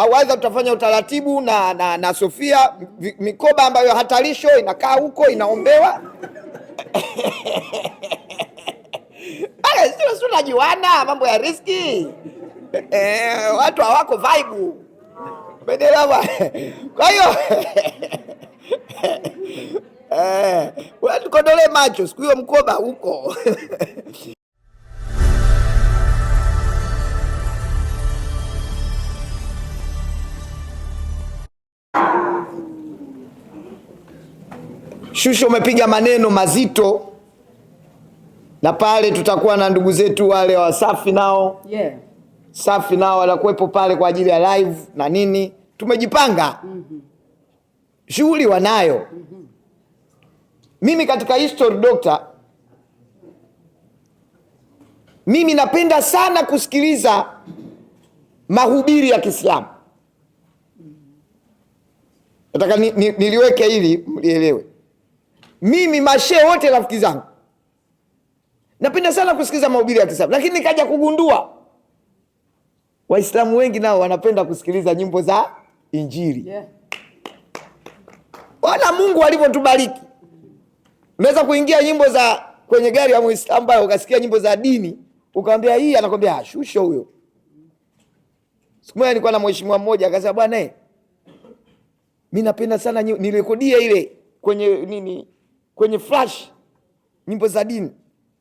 au aidha tutafanya utaratibu na, na, na Sofia mikoba ambayo hatarisho inakaa huko inaombewa sio tunajuana mambo ya riski eh, watu hawako vibe bendera Kwa hiyo eh, kondole macho siku hiyo mkoba huko Shusho, umepiga maneno mazito, na pale tutakuwa na ndugu zetu wale wa Safi nao yeah. Safi nao watakuwepo pale kwa ajili ya live na nini, tumejipanga mm -hmm. Shughuli wanayo mm -hmm. Mimi katika history doctor, mimi napenda sana kusikiliza mahubiri ya Kiislamu. Mm-hmm. Nataka niliweke ni, ni hili mlielewe mimi mashe wote rafiki zangu napenda sana kusikiza mahubiri ya Kiislamu, lakini nikaja kugundua Waislamu wengi nao wanapenda kusikiliza nyimbo za Injili yeah. Wala Mungu alivyotubariki unaweza kuingia nyimbo za kwenye gari ya Muislamu ambayo ukasikia nyimbo za dini ukamwambia hii, anakwambia ah, shusho huyo. Siku moja nilikuwa na mheshimiwa mmoja akasema, bwana, eh, mimi napenda sana nirekodie ile kwenye nini kwenye flash nyimbo za dini,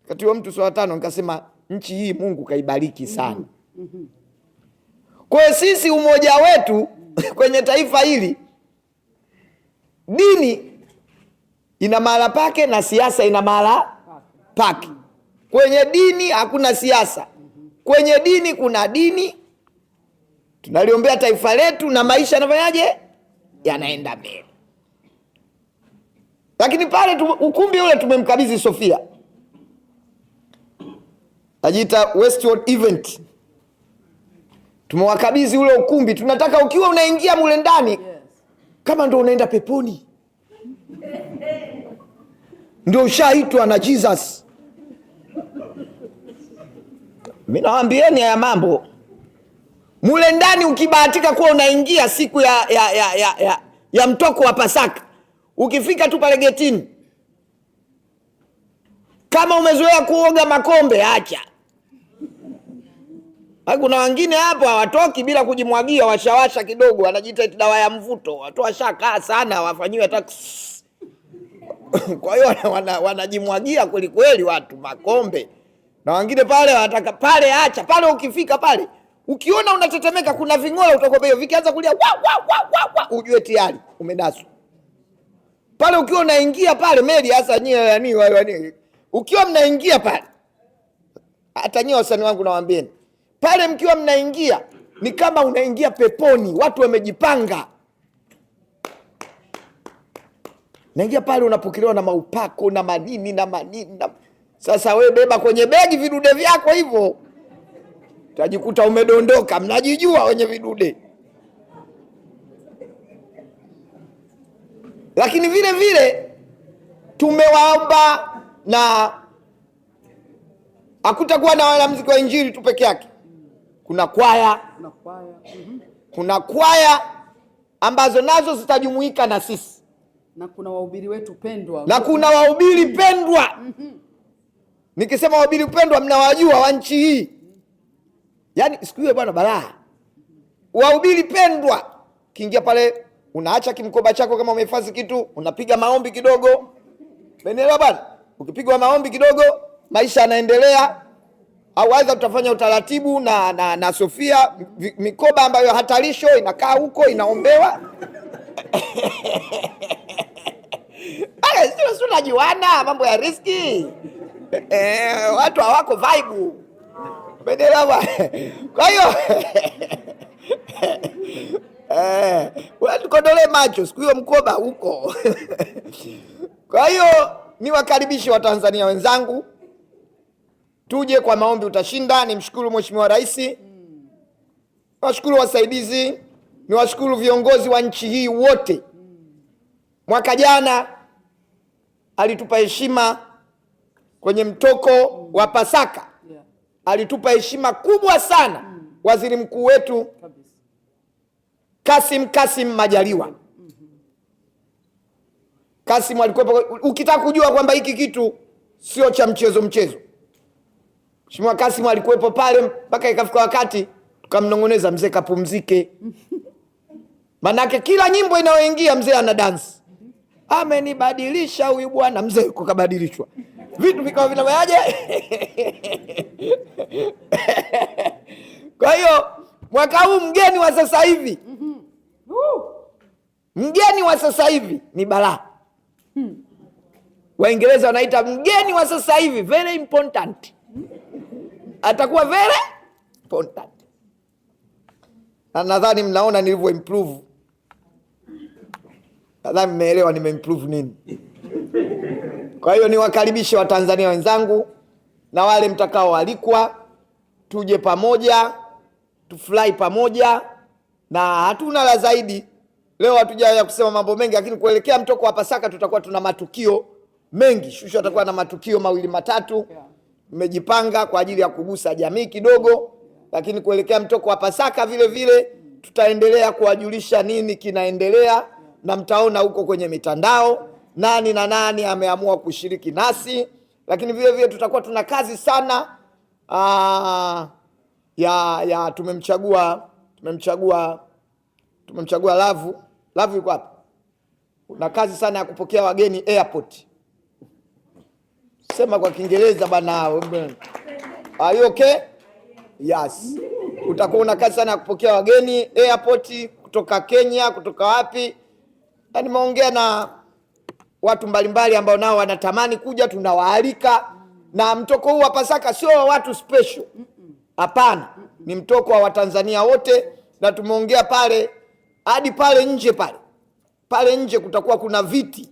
katiwa mtu swala tano, nikasema nchi hii Mungu kaibariki sana. Kwa hiyo sisi umoja wetu kwenye taifa hili, dini ina mahala pake na siasa ina mahala pake. Kwenye dini hakuna siasa, kwenye dini kuna dini. Tunaliombea taifa letu na maisha yanafanyaje, yanaenda mbele. Lakini pale tume, ukumbi ule tumemkabidhi Sofia, najiita Westwood event, tumewakabidhi ule ukumbi. Tunataka ukiwa unaingia mule ndani kama ndo unaenda peponi, ndio ushaitwa na Jesus. Mi nawambieni haya mambo mule ndani, ukibahatika kuwa unaingia siku ya, ya, ya, ya, ya, ya mtoko wa Pasaka Ukifika tu pale getini, kama umezoea kuoga makombe acha. Kuna wengine hapo hawatoki bila kujimwagia, washawasha kidogo, wanajiita dawa ya mvuto, watu washakaa sana, wafanyiwe hata kwa hiyo wanajimwagia wana kweli watu makombe na wengine pale wanataka pale, acha pale. Ukifika pale ukiona unatetemeka, kuna ving'ora utokopeo vikianza kulia wa wa wa wa, ujue tayari umedaswa pale ukiwa unaingia pale meli hasa nyie yani wani, ukiwa mnaingia pale, hata nyie wasanii wangu nawaambieni pale, mkiwa mnaingia ni kama unaingia peponi, watu wamejipanga. Naingia pale unapokelewa na maupako na manini na manini na... Sasa we beba kwenye begi vidude vyako hivyo, utajikuta umedondoka. Mnajijua wenye vidude. Lakini vile vile tumewaomba na hakutakuwa na wanamuziki wa injili tu peke yake, kuna kwaya, kuna kwaya mhm. ambazo nazo zitajumuika na sisi na kuna wahubiri wetu pendwa, na kuna wahubiri pendwa. Mhm. Nikisema wahubiri pendwa, mnawajua wa nchi hii, yaani siku hiyo bwana balaa. Wahubiri pendwa kiingia pale unaacha kimkoba chako kama umehifadhi kitu, unapiga maombi kidogo, umeelewa bwana? Ukipigwa maombi kidogo, maisha yanaendelea. Au aidha tutafanya utaratibu na, na, na Sofia, mikoba ambayo hatarisho inakaa huko inaombewa sio mambo ya riski eh, eh, watu hawako vibe umeelewa Kwa hiyo Eh, nikodolee macho siku hiyo mkoba huko. Kwa hiyo niwakaribishe Watanzania wenzangu, tuje kwa maombi utashinda. Nimshukuru Mheshimiwa Rais, niwashukuru wasaidizi, niwashukuru viongozi wa nchi hii wote. Mwaka jana alitupa heshima kwenye mtoko wa Pasaka, alitupa heshima kubwa sana mm. waziri mkuu wetu Kasim Kasim Majaliwa. Kasim alikuwa, ukitaka kujua kwamba hiki kitu sio cha mchezo mchezo, Mheshimiwa Kasim alikuwepo pale mpaka ikafika wakati tukamnong'oneza mzee, kapumzike manake kila nyimbo inayoingia mzee ana dansi. Amenibadilisha huyu bwana mzee, uko kabadilishwa vitu vikawa vinaaje? Kwa hiyo mwaka huu mgeni wa sasa hivi Mgeni wa sasa hivi ni balaa hmm. Waingereza wanaita mgeni wa sasa hivi very important, atakuwa very important, na nadhani mnaona nilivyo improve. Nadhani mmeelewa nimeimprove nini. Kwa hiyo niwakaribishe Watanzania wenzangu na wale mtakaoalikwa, tuje pamoja, tufurahi pamoja, na hatuna la zaidi Leo hatujaanza kusema mambo mengi, lakini kuelekea mtoko wa Pasaka tutakuwa tuna matukio mengi. Shushu atakuwa na matukio mawili matatu, mmejipanga kwa ajili ya kugusa jamii kidogo, lakini kuelekea mtoko wa Pasaka vile vile tutaendelea kuwajulisha nini kinaendelea, na mtaona huko kwenye mitandao nani na nani ameamua kushiriki nasi, lakini vile vile tutakuwa tuna kazi sana aa, ya, ya tumemchagua tumemchagua tumemchagua Lavu Love yuko wapi? Una kazi sana ya kupokea wageni airport. Sema kwa Kiingereza bana. Are you okay? Yes. Utakuwa una kazi sana ya kupokea wageni airport kutoka Kenya, kutoka wapi? Na nimeongea na watu mbalimbali ambao nao wanatamani kuja, tunawaalika. Na mtoko huu wa Pasaka sio wa watu special. Hapana, ni mtoko wa Watanzania wote na tumeongea pale hadi pale nje pale pale nje kutakuwa kuna viti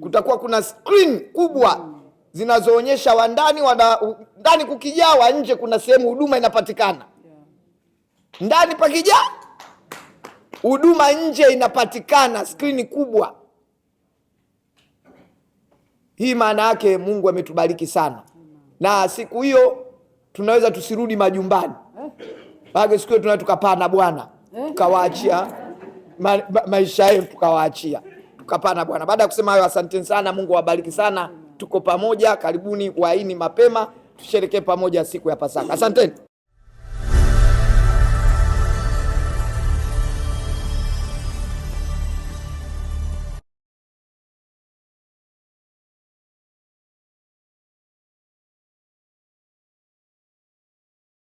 kutakuwa kuna screen kubwa zinazoonyesha wandani wana, ndani kukijaa wa nje kuna sehemu huduma inapatikana ndani pakijaa huduma nje inapatikana, skrini kubwa hii. Maana yake Mungu ametubariki sana, na siku hiyo tunaweza tusirudi majumbani, maana eh. siku hiyo tunaweza tukapaa na Bwana eh. tukawaachia ma, ma, maisha yetu tukawaachia tukapana. Bwana, baada ya kusema hayo, asanteni sana, Mungu awabariki sana. Tuko pamoja, karibuni waini mapema, tusherekee pamoja siku ya Pasaka. Asanteni.